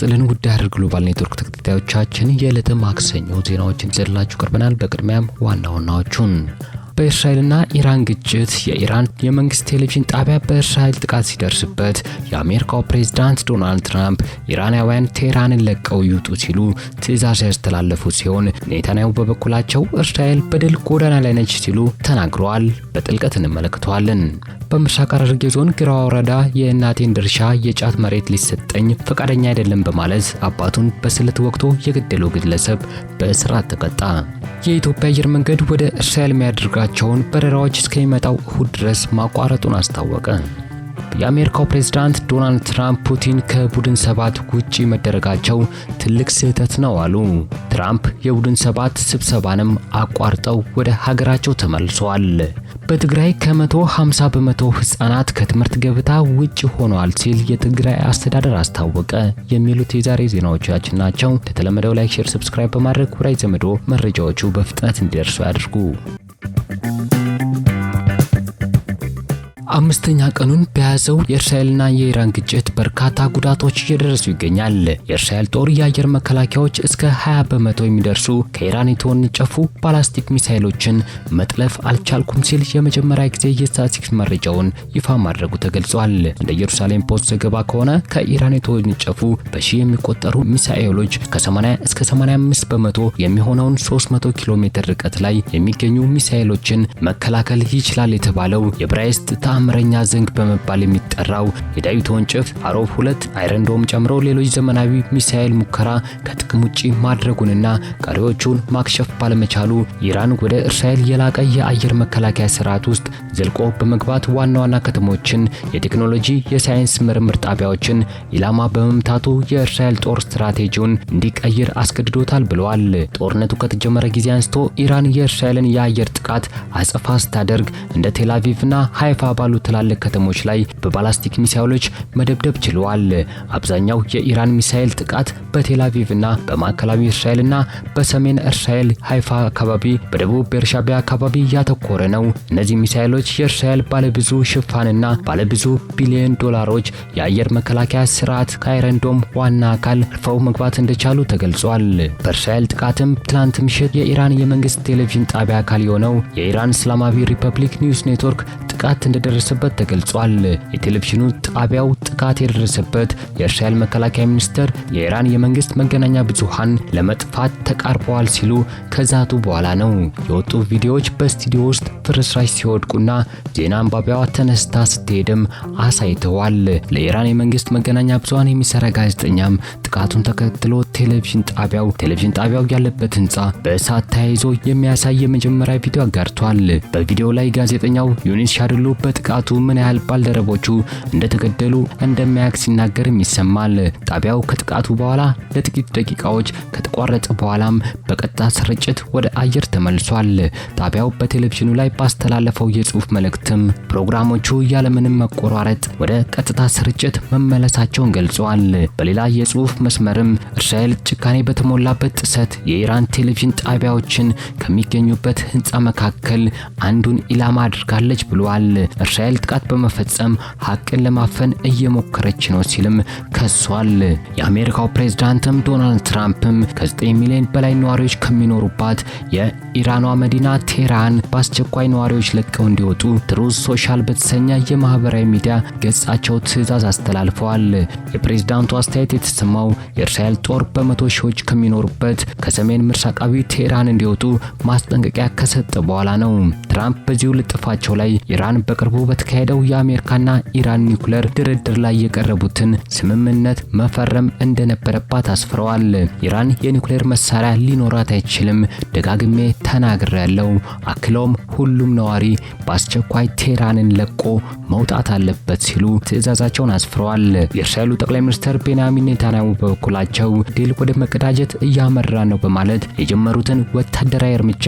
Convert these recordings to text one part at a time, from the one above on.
ይስጥልን ውድ ሐረር ግሎባል ኔትወርክ ተከታታዮቻችን የዕለተ ማክሰኞ ዜናዎችን ይዘንላችሁ ቀርበናል። በቅድሚያም ዋና ዋናዎቹን በእስራኤልና ኢራን ግጭት የኢራን የመንግስት ቴሌቪዥን ጣቢያ በእስራኤል ጥቃት ሲደርስበት የአሜሪካው ፕሬዝዳንት ዶናልድ ትራምፕ ኢራናውያን ቴህራንን ለቀው ይውጡ ሲሉ ትዕዛዝ ያስተላለፉ ሲሆን ኔታንያሁ በበኩላቸው እስራኤል በድል ጎዳና ላይ ነች ሲሉ ተናግረዋል። በጥልቀት እንመለከተዋለን። በምስራቅ ሐረርጌ ዞን ግራ ወረዳ የእናቴን ድርሻ የጫት መሬት ሊሰጠኝ ፈቃደኛ አይደለም በማለት አባቱን በስለት ወቅቶ የገደለው ግለሰብ በእስራት ተቀጣ። የኢትዮጵያ አየር መንገድ ወደ እስራኤል የሚያደርጋቸው ያደረጋቸውን በረራዎች እስከሚመጣው እሁድ ድረስ ማቋረጡን አስታወቀ። የአሜሪካው ፕሬዝዳንት ዶናልድ ትራምፕ ፑቲን ከቡድን ሰባት ውጪ መደረጋቸው ትልቅ ስህተት ነው አሉ። ትራምፕ የቡድን ሰባት ስብሰባንም አቋርጠው ወደ ሀገራቸው ተመልሰዋል። በትግራይ ከ150 በመቶ ህጻናት ከትምህርት ገበታ ውጭ ሆነዋል ሲል የትግራይ አስተዳደር አስታወቀ። የሚሉት የዛሬ ዜናዎቻችን ናቸው። ለተለመደው ላይክ፣ ሼር፣ ሰብስክራይብ በማድረግ ወዳጅ ዘመዶ መረጃዎቹ በፍጥነት እንዲደርሱ ያድርጉ። Thank you. አምስተኛ ቀኑን በያዘው የእስራኤልና የኢራን ግጭት በርካታ ጉዳቶች እየደረሱ ይገኛል። የእስራኤል ጦር የአየር መከላከያዎች እስከ 20 በመቶ የሚደርሱ ከኢራን የተወነጨፉ ባላስቲክ ሚሳይሎችን መጥለፍ አልቻልኩም ሲል የመጀመሪያ ጊዜ የስታቲክስ መረጃውን ይፋ ማድረጉ ተገልጿል። እንደ ኢየሩሳሌም ፖስት ዘገባ ከሆነ ከኢራን የተወነጨፉ በሺ የሚቆጠሩ ሚሳኤሎች ከ80 እስከ 85 በመቶ የሚሆነውን 300 ኪሎ ሜትር ርቀት ላይ የሚገኙ ሚሳኤሎችን መከላከል ይችላል የተባለው የብራይስት ታ ተአምረኛ ዘንግ በመባል የሚጠራው የዳዊት ወንጭፍ አሮብ ሁለት አይረንዶም ጨምሮ ሌሎች ዘመናዊ ሚሳኤል ሙከራ ከጥቅም ውጪ ማድረጉንና ቀሪዎቹን ማክሸፍ ባለመቻሉ ኢራን ወደ እስራኤል የላቀ የአየር መከላከያ ስርዓት ውስጥ ዘልቆ በመግባት ዋና ዋና ከተሞችን፣ የቴክኖሎጂ የሳይንስ ምርምር ጣቢያዎችን ኢላማ በመምታቱ የእስራኤል ጦር ስትራቴጂውን እንዲቀይር አስገድዶታል ብለዋል። ጦርነቱ ከተጀመረ ጊዜ አንስቶ ኢራን የእስራኤልን የአየር ጥቃት አጸፋ ስታደርግ እንደ ቴላቪቭና ሃይፋ ባሉ ትላልቅ ከተሞች ላይ በባላስቲክ ሚሳይሎች መደብደብ ችለዋል። አብዛኛው የኢራን ሚሳይል ጥቃት በቴላቪቭና በማዕከላዊ እስራኤልና በሰሜን እስራኤል ሃይፋ አካባቢ፣ በደቡብ ቤርሻቢያ አካባቢ ያተኮረ ነው። እነዚህ ሚሳይሎች የእስራኤል ባለብዙ ሽፋንና ባለብዙ ቢሊዮን ዶላሮች የአየር መከላከያ ስርዓት ከአይረንዶም ዋና አካል አልፈው መግባት እንደቻሉ ተገልጿል። በእስራኤል ጥቃትም ትናንት ምሽት የኢራን የመንግስት ቴሌቪዥን ጣቢያ አካል የሆነው የኢራን እስላማዊ ሪፐብሊክ ኒውስ ኔትወርክ ጥቃት እንደደረሰበት ተገልጿል። የቴሌቪዥኑ ጣቢያው ጥቃት የደረሰበት የእስራኤል መከላከያ ሚኒስቴር የኢራን የመንግስት መገናኛ ብዙሃን ለመጥፋት ተቃርበዋል ሲሉ ከዛቱ በኋላ ነው። የወጡ ቪዲዮዎች በስቱዲዮ ውስጥ ፍርስራሽ ሲወድቁና ዜና አንባቢያዋ ተነስታ ስትሄድም አሳይተዋል። ለኢራን የመንግስት መገናኛ ብዙሃን የሚሰራ ጋዜጠኛም ጥቃቱን ተከትሎ ቴሌቪዥን ጣቢያው ቴሌቪዥን ጣቢያው ያለበት ህንፃ በእሳት ተያይዞ የሚያሳይ የመጀመሪያ ቪዲዮ አጋርቷል። በቪዲዮው ላይ ጋዜጠኛው ዩኒስ ሻድሉ በጥቃቱ ምን ያህል ባልደረቦቹ እንደተገደሉ እንደሚያውቅ ሲናገርም ይሰማል። ጣቢያው ከጥቃቱ በኋላ ለጥቂት ደቂቃዎች ከተቋረጠ በኋላም በቀጥታ ስርጭት ወደ አየር ተመልሷል። ጣቢያው በቴሌቪዥኑ ላይ ባስተላለፈው የጽሁፍ መልእክትም ፕሮግራሞቹ ያለምንም መቆራረጥ ወደ ቀጥታ ስርጭት መመለሳቸውን ገልጿል። በሌላ የጽሁፍ መስመርም እስራኤል ጭካኔ በተሞላበት ጥሰት የኢራን ቴሌቪዥን ጣቢያዎችን ከሚገኙበት ህንፃ መካከል አንዱን ኢላማ አድርጋለች ብሏል። እስራኤል ጥቃት በመፈጸም ሀቅን ለማፈን እየሞከረች ነው ሲልም ከሷል። የአሜሪካው ፕሬዝዳንትም ዶናልድ ትራምፕም ከ9 ሚሊዮን በላይ ነዋሪዎች ከሚኖሩባት የኢራኗ መዲና ቴህራን በአስቸኳይ ነዋሪዎች ለቀው እንዲወጡ ትሩዝ ሶሻል በተሰኘ የማህበራዊ ሚዲያ ገጻቸው ትዕዛዝ አስተላልፈዋል። የፕሬዝዳንቱ አስተያየት የተሰማው ነው የእስራኤል ጦር በመቶ ሺዎች ከሚኖሩበት ከሰሜን ምስራቃዊ ቴህራን እንዲወጡ ማስጠንቀቂያ ከሰጠ በኋላ ነው። ትራምፕ በዚሁ ልጥፋቸው ላይ ኢራን በቅርቡ በተካሄደው የአሜሪካና ኢራን ኒውክሌር ድርድር ላይ የቀረቡትን ስምምነት መፈረም እንደነበረባት አስፍረዋል። ኢራን የኒውክሌር መሳሪያ ሊኖራት አይችልም፣ ደጋግሜ ተናግሬያለሁ። አክለውም ሁሉም ነዋሪ በአስቸኳይ ቴህራንን ለቆ መውጣት አለበት ሲሉ ትዕዛዛቸውን አስፍረዋል። የእስራኤሉ ጠቅላይ ሚኒስትር ቤንያሚን ኔታንያሁ በበኩላቸው ድል ወደ መቀዳጀት እያመራ ነው በማለት የጀመሩትን ወታደራዊ እርምጃ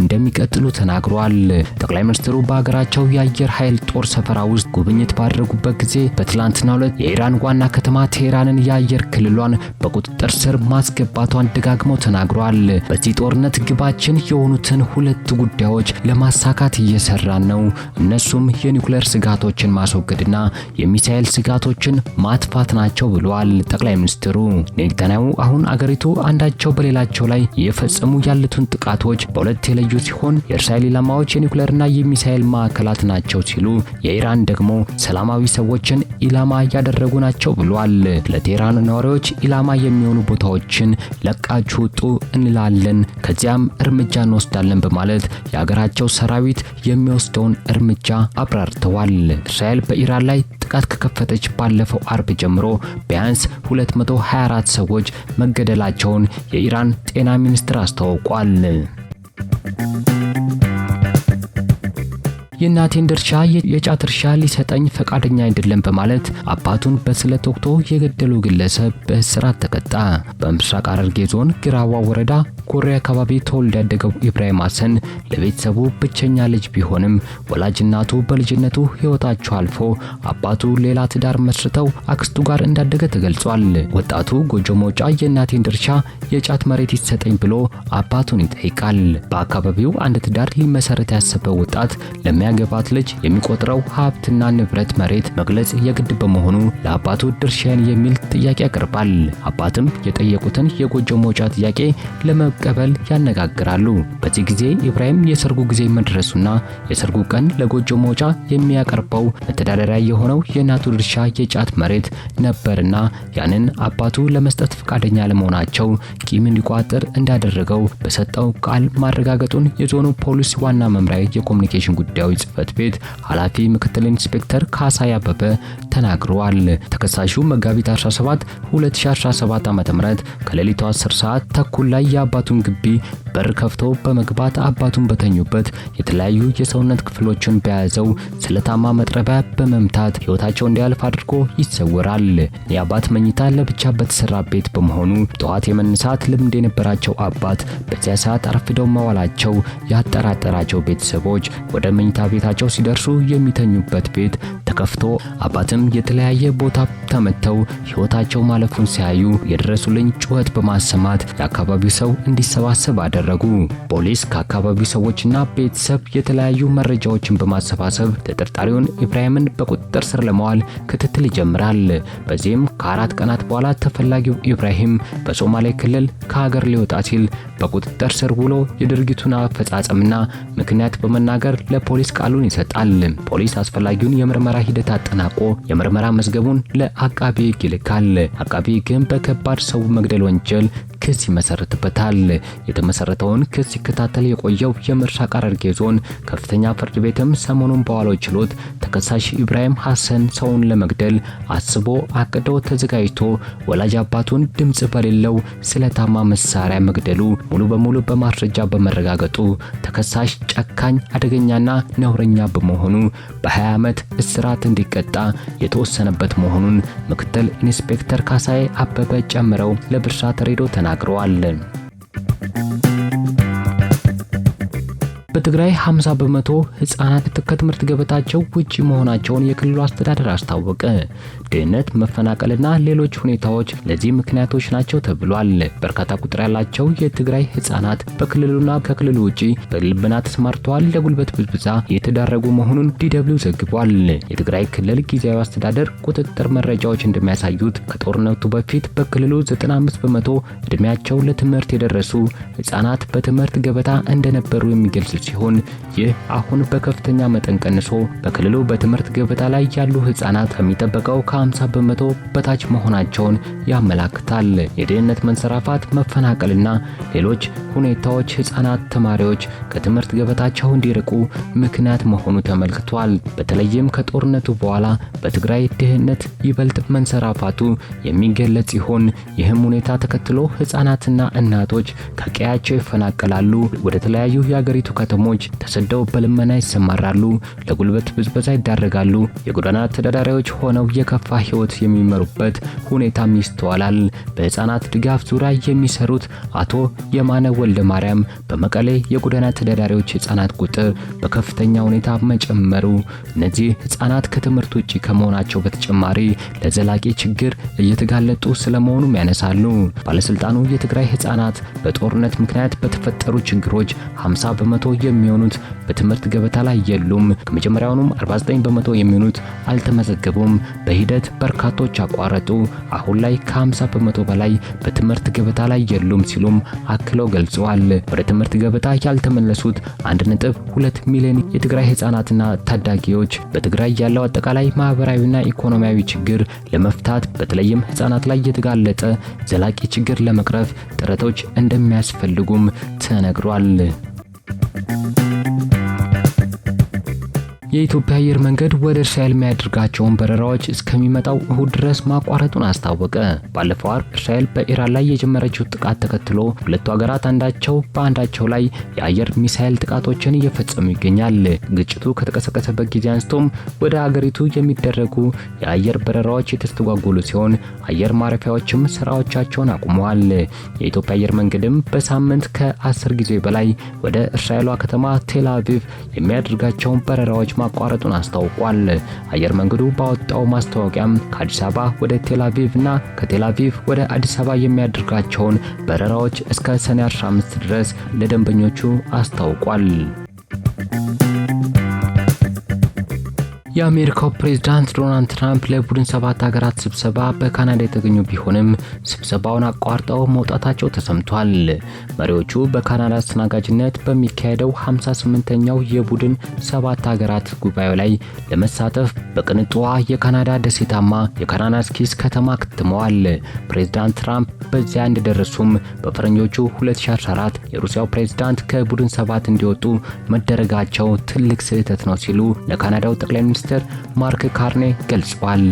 እንደሚቀጥሉ ተናግሯል። ጠቅላይ ሚኒስትሩ በሀገራቸው የአየር ኃይል ጦር ሰፈራ ውስጥ ጉብኝት ባደረጉበት ጊዜ በትላንትናው ዕለት የኢራን ዋና ከተማ ቴህራንን የአየር ክልሏን በቁጥጥር ስር ማስገባቷን ደጋግመው ተናግሯል። በዚህ ጦርነት ግባችን የሆኑትን ሁለት ጉዳዮች ለማሳካት እየሰራን ነው። እነሱም የኒውክሌር ስጋቶችን ማስወገድና የሚሳኤል ስጋቶችን ማጥፋት ናቸው ብለዋል ጠቅላይ ሚኒስትሩ። ተናገሩ። ኔታንያሁ አሁን አገሪቱ አንዳቸው በሌላቸው ላይ እየፈጸሙ ያሉትን ጥቃቶች በሁለት የለዩ ሲሆን የእስራኤል ኢላማዎች የኒውክሌርና የሚሳኤል ማዕከላት ናቸው ሲሉ የኢራን ደግሞ ሰላማዊ ሰዎችን ኢላማ ያደረጉ ናቸው ብሏል። ለቴህራን ነዋሪዎች ኢላማ የሚሆኑ ቦታዎችን ለቃችሁ ውጡ እንላለን፣ ከዚያም እርምጃ እንወስዳለን በማለት የሀገራቸው ሰራዊት የሚወስደውን እርምጃ አብራርተዋል። እስራኤል በኢራን ላይ ጥቃት ከከፈተች ባለፈው አርብ ጀምሮ ቢያንስ 224 ሰዎች መገደላቸውን የኢራን ጤና ሚኒስቴር አስታውቋል። የእናቴን ድርሻ የጫት እርሻ ሊሰጠኝ ፈቃደኛ አይደለም በማለት አባቱን በስለት ወቅቶ የገደለው ግለሰብ በእስራት ተቀጣ። በምስራቅ ሐረርጌ ዞን ግራዋ ወረዳ ኮሬ አካባቢ ተወልዶ ያደገው ኢብራሂም ሐሰን ለቤተሰቡ ብቸኛ ልጅ ቢሆንም ወላጅ እናቱ በልጅነቱ ሕይወታቸው አልፎ አባቱ ሌላ ትዳር መስርተው አክስቱ ጋር እንዳደገ ተገልጿል። ወጣቱ ጎጆ መውጫ የእናቴን ድርሻ የጫት መሬት ይሰጠኝ ብሎ አባቱን ይጠይቃል። በአካባቢው አንድ ትዳር ሊመሰረት ያሰበው ወጣት ለሚያ የሚያገባት ልጅ የሚቆጥረው ሀብትና ንብረት መሬት መግለጽ የግድ በመሆኑ ለአባቱ ድርሻን የሚል ጥያቄ ያቀርባል። አባትም የጠየቁትን የጎጆ መውጫ ጥያቄ ለመቀበል ያነጋግራሉ። በዚህ ጊዜ ኢብራሂም የሰርጉ ጊዜ መድረሱና የሰርጉ ቀን ለጎጆ መውጫ የሚያቀርበው መተዳደሪያ የሆነው የእናቱ ድርሻ የጫት መሬት ነበርና ያንን አባቱ ለመስጠት ፈቃደኛ ለመሆናቸው ቂም እንዲቋጥር እንዳደረገው በሰጠው ቃል ማረጋገጡን የዞኑ ፖሊስ ዋና መምሪያ የኮሚኒኬሽን ጉዳዮች ጽህፈት ቤት ኃላፊ ምክትል ኢንስፔክተር ካሳይ አበበ ተናግረዋል። ተከሳሹ መጋቢት 17 2017 ዓ.ም ከሌሊቱ 10 ሰዓት ተኩል ላይ የአባቱን ግቢ በር ከፍቶ በመግባት አባቱን በተኙበት የተለያዩ የሰውነት ክፍሎችን በያዘው ስለታማ መጥረቢያ በመምታት ሕይወታቸው እንዲያልፍ አድርጎ ይሰወራል። የአባት መኝታ ለብቻ በተሰራ ቤት በመሆኑ ጠዋት የመነሳት ልምድ የነበራቸው አባት በዚያ ሰዓት አርፍደው መዋላቸው ያጠራጠራቸው ቤተሰቦች ወደ መኝታ ቤታቸው ሲደርሱ የሚተኙበት ቤት ተከፍቶ አባትም የተለያየ ቦታ ተመተው ሕይወታቸው ማለፉን ሲያዩ የደረሱልኝ ጩኸት በማሰማት የአካባቢው ሰው እንዲሰባሰብ አደረጉ። ፖሊስ ከአካባቢው ሰዎችና ቤተሰብ የተለያዩ መረጃዎችን በማሰባሰብ ተጠርጣሪውን ኢብራሂምን በቁጥጥር ስር ለማዋል ክትትል ይጀምራል። በዚህም ከአራት ቀናት በኋላ ተፈላጊው ኢብራሂም በሶማሌ ክልል ከሀገር ሊወጣ ሲል በቁጥጥር ስር ውሎ የድርጊቱን አፈጻጸምና ምክንያት በመናገር ለፖሊስ ቃሉን ይሰጣል። ፖሊስ አስፈላጊውን የምርመራ ሂደት አጠናቆ የምርመራ መዝገቡን ለአቃቤ ሕግ ይልካል። አቃቤ ሕግም በከባድ ሰው መግደል ወንጀል ክስ ይመሰርትበታል። የተመሰረተውን ክስ ሲከታተል የቆየው የምስራቅ ሐረርጌ ዞን ከፍተኛ ፍርድ ቤትም ሰሞኑን በዋለው ችሎት ተከሳሽ ኢብራሂም ሐሰን ሰውን ለመግደል አስቦ አቅዶ ተዘጋጅቶ ወላጅ አባቱን ድምፅ በሌለው ስለታማ መሳሪያ መግደሉ ሙሉ በሙሉ በማስረጃ በመረጋገጡ ተከሳሽ ጨካኝ፣ አደገኛና ነውረኛ በመሆኑ በ20 ዓመት እስራት እንዲቀጣ የተወሰነበት መሆኑን ምክትል ኢንስፔክተር ካሳይ አበበ ጨምረው ለብስራት ሬዲዮ ተናግረዋል። ተናግረዋል። በትግራይ 50 በመቶ ህጻናት ከትምህርት ገበታቸው ውጪ መሆናቸውን የክልሉ አስተዳደር አስታወቀ። ድህነት፣ መፈናቀልና ሌሎች ሁኔታዎች ለዚህ ምክንያቶች ናቸው ተብሏል። በርካታ ቁጥር ያላቸው የትግራይ ህጻናት በክልሉና ከክልሉ ውጪ በልብና ተሰማርተዋል፣ ለጉልበት ብዝብዛ የተዳረጉ መሆኑን ዲደብሊው ዘግቧል። የትግራይ ክልል ጊዜያዊ አስተዳደር ቁጥጥር መረጃዎች እንደሚያሳዩት ከጦርነቱ በፊት በክልሉ 95 በመቶ እድሜያቸው ለትምህርት የደረሱ ህጻናት በትምህርት ገበታ እንደነበሩ የሚገልጽ ሲሆን ይህ አሁን በከፍተኛ መጠን ቀንሶ በክልሉ በትምህርት ገበታ ላይ ያሉ ህጻናት ከሚጠበቀው ከ50 በመቶ በታች መሆናቸውን ያመላክታል። የድህነት መንሰራፋት፣ መፈናቀልና ሌሎች ሁኔታዎች ህጻናት ተማሪዎች ከትምህርት ገበታቸው እንዲርቁ ምክንያት መሆኑ ተመልክቷል። በተለይም ከጦርነቱ በኋላ በትግራይ ድህነት ይበልጥ መንሰራፋቱ የሚገለጽ ሲሆን ይህም ሁኔታ ተከትሎ ህጻናትና እናቶች ከቀያቸው ይፈናቀላሉ፣ ወደ ተለያዩ የአገሪቱ ከተሞች ፊርሞች ተሰደው በልመና ይሰማራሉ፣ ለጉልበት ብዝበዛ ይዳረጋሉ። የጎዳና ተዳዳሪዎች ሆነው የከፋ ህይወት የሚመሩበት ሁኔታም ይስተዋላል። በህፃናት ድጋፍ ዙሪያ የሚሰሩት አቶ የማነ ወልደ ማርያም በመቀሌ የጎዳና ተዳዳሪዎች ህፃናት ቁጥር በከፍተኛ ሁኔታ መጨመሩ እነዚህ ህፃናት ከትምህርት ውጪ ከመሆናቸው በተጨማሪ ለዘላቂ ችግር እየተጋለጡ ስለመሆኑም ያነሳሉ። ባለስልጣኑ የትግራይ ህፃናት በጦርነት ምክንያት በተፈጠሩ ችግሮች 50 በመቶ የሚሆኑት በትምህርት ገበታ ላይ የሉም። ከመጀመሪያውኑም 49 በመቶ የሚሆኑት አልተመዘገቡም። በሂደት በርካቶች አቋረጡ። አሁን ላይ ከ50 በመቶ በላይ በትምህርት ገበታ ላይ የሉም ሲሉም አክለው ገልጸዋል። ወደ ትምህርት ገበታ ያልተመለሱት 1.2 ሚሊዮን የትግራይ ህጻናትና ታዳጊዎች በትግራይ ያለው አጠቃላይ ማህበራዊና ኢኮኖሚያዊ ችግር ለመፍታት በተለይም ህጻናት ላይ የተጋለጠ ዘላቂ ችግር ለመቅረፍ ጥረቶች እንደሚያስፈልጉም ተነግሯል። የኢትዮጵያ አየር መንገድ ወደ እስራኤል የሚያደርጋቸውን በረራዎች እስከሚመጣው እሁድ ድረስ ማቋረጡን አስታወቀ። ባለፈው አርብ እስራኤል በኢራን ላይ የጀመረችው ጥቃት ተከትሎ ሁለቱ ሀገራት አንዳቸው በአንዳቸው ላይ የአየር ሚሳኤል ጥቃቶችን እየፈጸሙ ይገኛል። ግጭቱ ከተቀሰቀሰበት ጊዜ አንስቶም ወደ ሀገሪቱ የሚደረጉ የአየር በረራዎች የተስተጓጎሉ ሲሆን አየር ማረፊያዎችም ስራዎቻቸውን አቁመዋል። የኢትዮጵያ አየር መንገድም በሳምንት ከአስር ጊዜ በላይ ወደ እስራኤሏ ከተማ ቴል አቪቭ የሚያደርጋቸውን በረራዎች ማቋረጡን አስታውቋል። አየር መንገዱ ባወጣው ማስታወቂያም ከአዲስ አበባ ወደ ቴላቪቭ እና ከቴላቪቭ ወደ አዲስ አበባ የሚያደርጋቸውን በረራዎች እስከ ሰኔ 15 ድረስ ለደንበኞቹ አስታውቋል። የአሜሪካው ፕሬዝዳንት ዶናልድ ትራምፕ ለቡድን ሰባት ሀገራት ስብሰባ በካናዳ የተገኙ ቢሆንም ስብሰባውን አቋርጠው መውጣታቸው ተሰምቷል። መሪዎቹ በካናዳ አስተናጋጅነት በሚካሄደው 58ኛው የቡድን ሰባት ሀገራት ጉባኤ ላይ ለመሳተፍ በቅንጧ የካናዳ ደሴታማ ስኪስ ከተማ አክትመዋል። ፕሬዝዳንት ትራምፕ በዚያ እንደደረሱም በፈረንጆቹ 2014 የሩሲያው ፕሬዝዳንት ከቡድን ሰባት እንዲወጡ መደረጋቸው ትልቅ ስህተት ነው ሲሉ ለካናዳው ጠቅላይ ሚኒስትር ማርክ ካርኔ ገልጸዋል።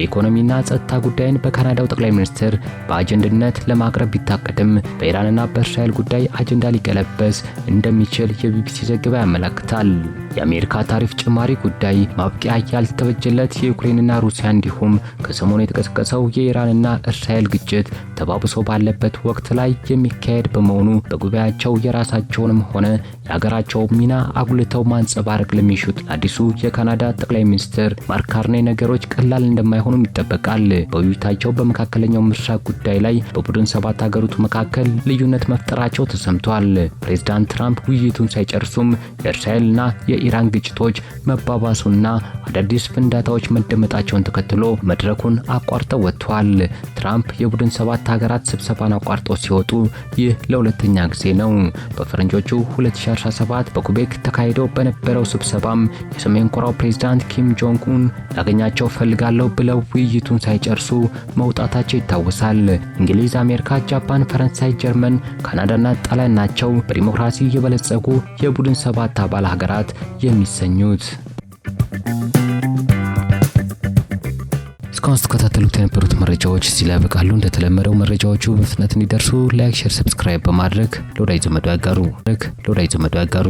የኢኮኖሚና ጸጥታ ጉዳይን በካናዳው ጠቅላይ ሚኒስትር በአጀንድነት ለማቅረብ ቢታቀድም በኢራንና በእስራኤል ጉዳይ አጀንዳ ሊቀለበስ እንደሚችል የቢቢሲ ዘገባ ያመለክታል። የአሜሪካ ታሪፍ ጭማሪ ጉዳይ ማብቂያ ያልተበጀለት የዩክሬንና ሩሲያ እንዲሁም ከሰሞኑ የተቀሰቀሰው የኢራንና እስራኤል ግጭት ተባብሶ ባለበት ወቅት ላይ የሚካሄድ በመሆኑ በጉባኤያቸው የራሳቸውንም ሆነ የሀገራቸው ሚና አጉልተው ማንጸባረቅ ለሚሹት አዲሱ የካናዳ ጠቅላይ ሚኒስትር ማርክ ካርኔ ነገሮች ቀላል እንደማይሆን መሆኑም ይጠበቃል። በውይይታቸው በመካከለኛው ምስራቅ ጉዳይ ላይ በቡድን ሰባት ሀገሮች መካከል ልዩነት መፍጠራቸው ተሰምቷል። ፕሬዝዳንት ትራምፕ ውይይቱን ሳይጨርሱም የእስራኤልና የኢራን ግጭቶች መባባሱና አዳዲስ ፍንዳታዎች መደመጣቸውን ተከትሎ መድረኩን አቋርጠው ወጥቷል። ትራምፕ የቡድን ሰባት ሀገራት ስብሰባን አቋርጠው ሲወጡ ይህ ለሁለተኛ ጊዜ ነው። በፈረንጆቹ 2017 በኩቤክ ተካሂዶ በነበረው ስብሰባም የሰሜን ኮሪያው ፕሬዝዳንት ኪም ጆንግ ኡን ላገኛቸው ፈልጋለሁ ብለው ብለው ውይይቱን ሳይጨርሱ መውጣታቸው ይታወሳል። እንግሊዝ፣ አሜሪካ፣ ጃፓን፣ ፈረንሳይ፣ ጀርመን፣ ካናዳና ጣሊያን ናቸው በዲሞክራሲ የበለጸጉ የቡድን ሰባት አባል ሀገራት የሚሰኙት። እስካሁን ስትከታተሉት የነበሩት መረጃዎች እዚህ ላይ ያበቃሉ። እንደተለመደው መረጃዎቹ በፍጥነት እንዲደርሱ ላይክ፣ ሼር፣ ሰብስክራይብ በማድረግ ለወዳጅ ዘመዶ ያጋሩ።